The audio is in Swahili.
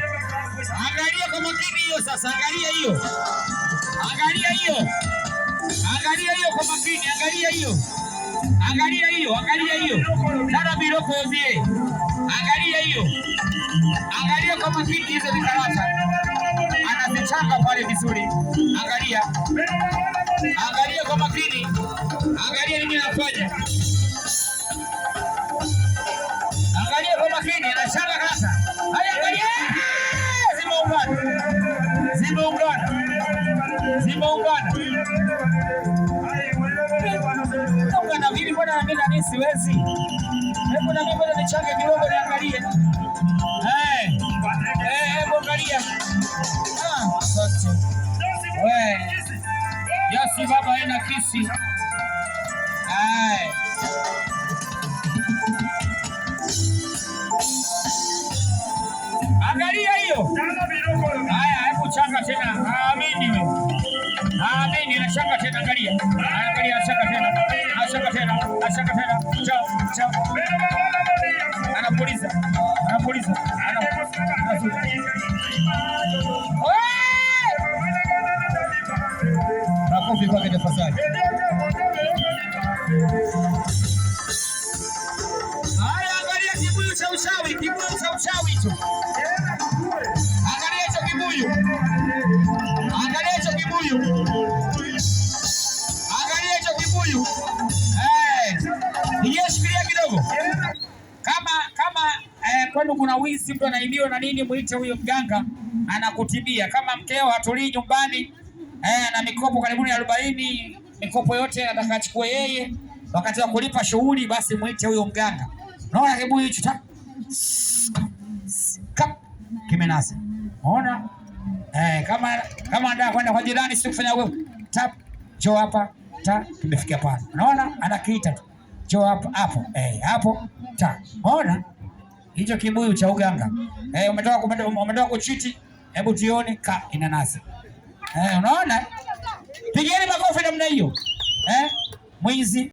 Angalia kwa makini hiyo sasa, angalia hiyo, angalia hiyo, angalia hiyo kwa makini, angalia hiyo, angalia hiyo, angalia hiyo dada Biloko ozie, angalia hiyo, angalia kwa makini hizo vikarata, anazichanga pale vizuri, angalia, angalia kwa makini, angalia nini anafanya, angalia kwa makini, anachanga zimeungana ungana vipi? Mbona na mimi siwezi? Hebu na mimi mbona nichange kidogo, niangalie eh, eh, hebu angalia. Ah, asante wewe, yasi baba ina kisi eh Angalia hiyo. Haya, hebu changa tena. anapuliza anapuliza makofi kwake tafadhali. Haya, angalia kibuyu cha uchawi, kibuyu cha uchawi hicho, angalia hicho kibuyu, angalia hicho kibuyu Niliashikilia kidogo kama kama eh, kwenu kuna wizi, mtu anaibiwa na nini, mwite huyo mganga anakutibia. Kama mkeo hatulii nyumbani eh, na mikopo karibuni arobaini, mikopo yote anataka achukue yeye, wakati wa kulipa shughuli, basi mwite huyo mganga. Naona kibuyu hicho ta kimenasa, ona eh, kama kama anataka kwenda kwa jirani, si kufanya wewe tap cho hapa ta kimefikia pale, Unaona anakiita tu jo hapo hapo. Eh, hapo. Ta. Ona? Hicho kibuyu cha uganga. Eh, umetoka umetoka kuchiti. Hebu tuione ka inanasi. Eh, unaona? Pigeni makofi namna hiyo. Eh? Mwizi